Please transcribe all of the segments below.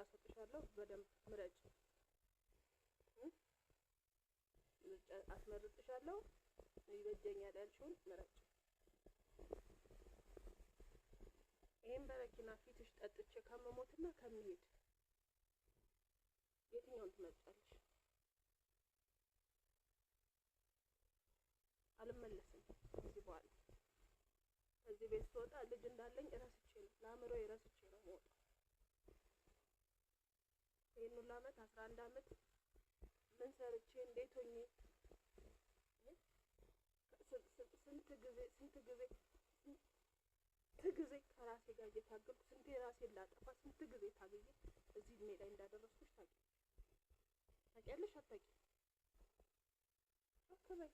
አሰጥሻለሁ። በደንብ ምረጭ። ምርጫ አስመርጥሻለሁ። ይበጀኛል ያልሽውን ምረጭ። ይህም በረኪና ፊትሽ ጠጥቼ ከመሞትና ከመሄድ የትኛውን ትመርጫለሽ? አልመለስም ከዚህ በኋላ ከዚህ ቤት ስወጣ ልጅ እንዳለኝ እረስቼ ነው ለአእምሮ እረስቼ ነው የምወጣው። ይህን ሁሉ አመት አስራ አንድ አመት ምን ሰርቼ እንዴት ሆኜ ስንት ጊዜ ስንት ጊዜ ስንት ጊዜ ከራሴ ጋር እየታገልኩ ስንቴ ራሴን ላጠፋ ስንት ጊዜ ታግዬ እዚህ እድሜ ላይ እንዳደረስኩሽ ታውቂያለሽ አታውቂም? አትበይ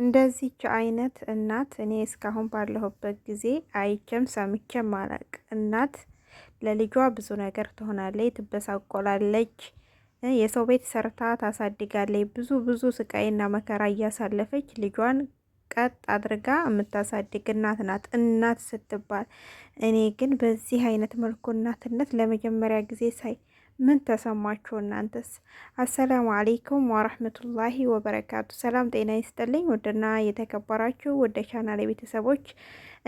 እንደዚች አይነት እናት እኔ እስካሁን ባለሁበት ጊዜ አይቼም ሰምቼም አላቅ። እናት ለልጇ ብዙ ነገር ትሆናለች፣ ትበሳቆላለች፣ የሰው ቤት ሰርታ ታሳድጋለች። ብዙ ብዙ ስቃይና መከራ እያሳለፈች ልጇን ቀጥ አድርጋ የምታሳድግ እናት ናት እናት ስትባል። እኔ ግን በዚህ አይነት መልኩ እናትነት ለመጀመሪያ ጊዜ ሳይ ምን ተሰማችሁ እናንተስ? አሰላሙ አሌይኩም ወረህመቱላሂ ወበረካቱ። ሰላም ጤና ይስጥልኝ። ውድና የተከበራችሁ ወደ ቻናል ቤተሰቦች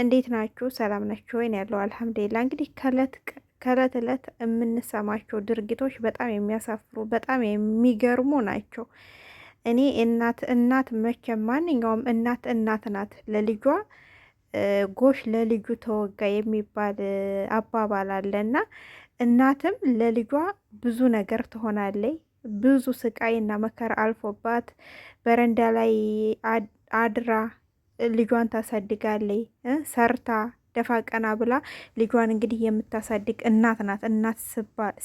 እንዴት ናችሁ? ሰላም ናችሁ ወይን? ያለው አልሐምዱሊላ። እንግዲህ ከእለት ከእለት እለት የምንሰማቸው ድርጊቶች በጣም የሚያሳፍሩ በጣም የሚገርሙ ናቸው። እኔ እናት እናት መቼም ማንኛውም እናት እናት ናት ለልጇ ጎሽ ለልጁ ተወጋ የሚባል አባባል አለና። እናትም ለልጇ ብዙ ነገር ትሆናለች። ብዙ ስቃይ እና መከራ አልፎባት በረንዳ ላይ አድራ ልጇን ታሳድጋለች። ሰርታ ደፋ ቀና ብላ ልጇን እንግዲህ የምታሳድግ እናት ናት። እናት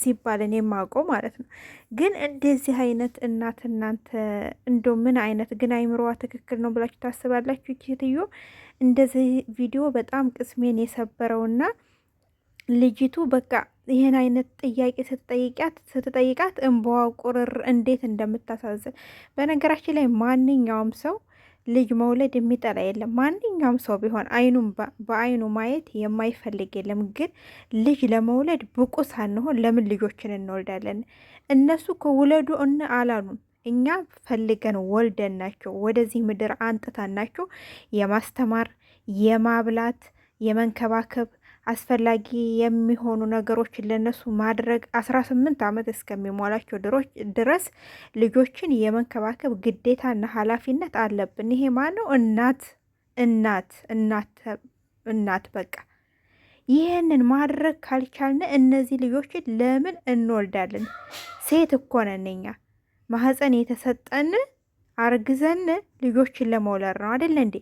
ሲባል እኔ የማውቀው ማለት ነው። ግን እንደዚህ አይነት እናት እናንተ እንዶ ምን አይነት ግን አይምሮዋ ትክክል ነው ብላችሁ ታስባላችሁ? ሴትዮ እንደዚህ ቪዲዮ በጣም ቅስሜን የሰበረውና ልጅቱ በቃ ይህን አይነት ጥያቄ ስትጠይቂያት ስትጠይቃት እንባዋ ቁርር እንዴት እንደምታሳዝን። በነገራችን ላይ ማንኛውም ሰው ልጅ መውለድ የሚጠላ የለም። ማንኛውም ሰው ቢሆን አይኑን በአይኑ ማየት የማይፈልግ የለም። ግን ልጅ ለመውለድ ብቁ ሳንሆን ለምን ልጆችን እንወልዳለን? እነሱ ከውለዱ እነ አላሉን። እኛ ፈልገን ወልደን ናቸው ወደዚህ ምድር አንጥታን ናቸው የማስተማር የማብላት የመንከባከብ አስፈላጊ የሚሆኑ ነገሮችን ለነሱ ማድረግ አስራ ስምንት ዓመት እስከሚሞላቸው ድረስ ልጆችን የመንከባከብ ግዴታና ኃላፊነት አለብን። ይሄ ማነው? እናት እናት እናት እናት በቃ ይህንን ማድረግ ካልቻልን እነዚህ ልጆችን ለምን እንወልዳለን? ሴት እኮ ነን እኛ። ማህፀን የተሰጠን አርግዘን ልጆችን ለመውለድ ነው አይደለ እንዴ?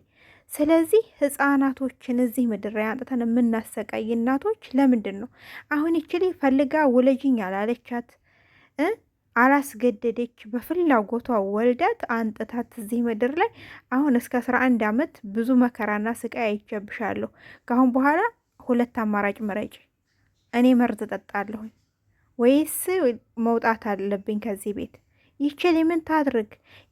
ስለዚህ ህፃናቶችን እዚህ ምድር ላይ አንጥተን የምናሰቃይ እናቶች ለምንድን ነው አሁን ይችል ፈልጋ ውለጅኝ አላለቻት አላስገደደች በፍላጎቷ ወልዳት አንጥታት እዚህ ምድር ላይ አሁን እስከ አስራ አንድ አመት ብዙ መከራና ስቃይ አይቸብሻለሁ። ከአሁን በኋላ ሁለት አማራጭ መረጭ። እኔ መርዝ ጠጣለሁኝ ወይስ መውጣት አለብኝ ከዚህ ቤት? ይችል ምን ታድርግ?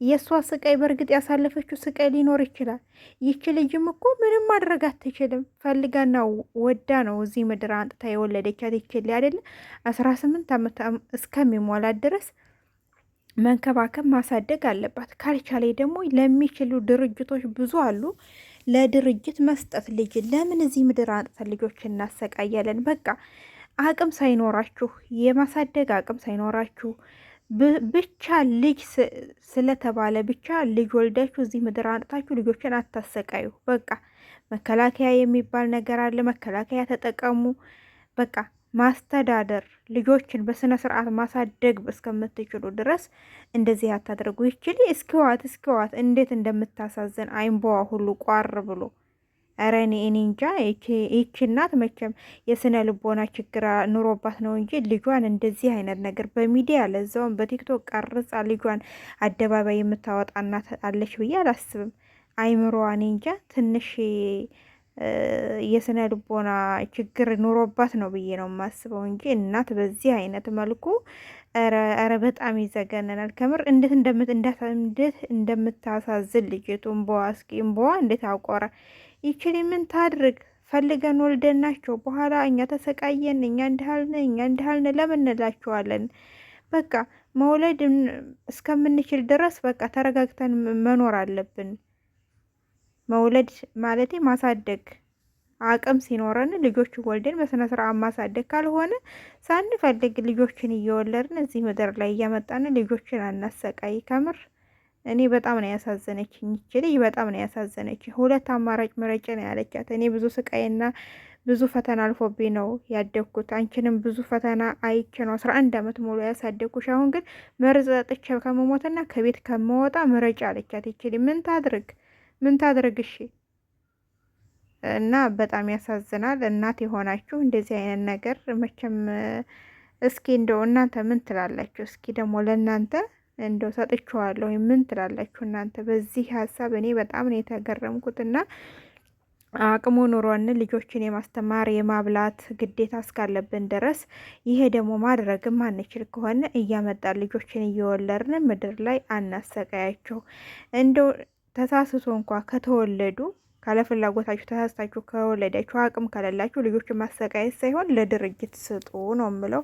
የእሷ ስቃይ በእርግጥ ያሳለፈችው ስቃይ ሊኖር ይችላል። ይቺ ልጅም እኮ ምንም ማድረግ አትችልም። ፈልጋና ወዳ ነው እዚህ ምድር አንጥታ የወለደቻት። ይችል አይደለ አስራ ስምንት ዓመት እስከሚሟላት ድረስ መንከባከብ ማሳደግ አለባት። ካልቻለ ደግሞ ለሚችሉ ድርጅቶች ብዙ አሉ ለድርጅት መስጠት ልጅ ለምን እዚህ ምድር አንጥተን ልጆች እናሰቃያለን? በቃ አቅም ሳይኖራችሁ የማሳደግ አቅም ሳይኖራችሁ ብቻ ልጅ ስለተባለ ብቻ ልጅ ወልዳችሁ እዚህ ምድር አንጥታችሁ ልጆችን አታሰቃዩ። በቃ መከላከያ የሚባል ነገር አለ። መከላከያ ተጠቀሙ። በቃ ማስተዳደር ልጆችን በስነ ስርዓት ማሳደግ እስከምትችሉ ድረስ እንደዚህ አታደርጉ። ይችል እስኪዋት እስኪዋት እንዴት እንደምታሳዝን አይምቦዋ ሁሉ ቋር ብሎ ረኔ እኔ እኔ እንጃ ይቺ እናት መቼም የስነ ልቦና ችግር ኑሮባት ነው እንጂ ልጇን እንደዚህ አይነት ነገር በሚዲያ ለዛውም በቲክቶክ ቀርጻ ልጇን አደባባይ የምታወጣ እናት አለች ብዬ አላስብም። አይምሮዋ እኔ እንጃ ትንሽ የስነ ልቦና ችግር ኑሮባት ነው ብዬ ነው የማስበው እንጂ እናት በዚህ አይነት መልኩ ኧረ በጣም ይዘገነናል። ከምር እንዴት እንደምት እንደምታሳዝን ልጅቱ እምበዋ እስኪ እምበዋ እንዴት አቆረ። ይችል ምን ታድርግ ፈልገን ወልደን ናቸው በኋላ እኛ ተሰቃየን፣ እኛ እንዳህልን፣ እኛ እንዳህልን ለምንላቸዋለን በቃ መውለድ እስከምንችል ድረስ በቃ ተረጋግተን መኖር አለብን። መውለድ ማለቴ ማሳደግ አቅም ሲኖረን ልጆች ወልደን በስነ ስርዓት ማሳደግ ካልሆነ ሳንፈልግ ልጆችን እየወለድን እዚህ ምድር ላይ እያመጣን ልጆችን አናሰቃይ። ከምር እኔ በጣም ነው ያሳዘነች ልጅ በጣም ነው ያሳዘነች። ሁለት አማራጭ ምረጭ ነው ያለቻት። እኔ ብዙ ስቃይና ብዙ ፈተና አልፎብኝ ነው ያደግኩት። አንቺንም ብዙ ፈተና አይቼ ነው አስራ አንድ አመት ሙሉ ያሳደግኩሽ። አሁን ግን መርዝ ጠጥቼ ከመሞትና ከቤት ከመወጣ ምረጭ አለቻት። ይችል ምን ታድርግ? ምን ታድርግ? እና በጣም ያሳዝናል። እናት የሆናችሁ እንደዚህ አይነት ነገር መቼም እስኪ እንደው እናንተ ምን ትላላችሁ? እስኪ ደግሞ ለእናንተ እንደው ወይም ምን ትላላችሁ እናንተ? በዚህ ሀሳብ እኔ በጣም ነው የተገረምኩትና አቅሙ ኑሮን ልጆችን የማስተማር የማብላት ግዴታ እስካለብን ድረስ ይሄ ደግሞ ማድረግ ማንችል ከሆነ እያመጣን ልጆችን እየወለድን ምድር ላይ አናሰቃያቸው እንደው ተሳስቶ እንኳ ከተወለዱ ካለፍላጎታችሁ ተሳስታችሁ ከወለዳችሁ አቅም ከሌላችሁ ልጆችን ማሰቃየት ሳይሆን ለድርጅት ስጡ ነው የምለው።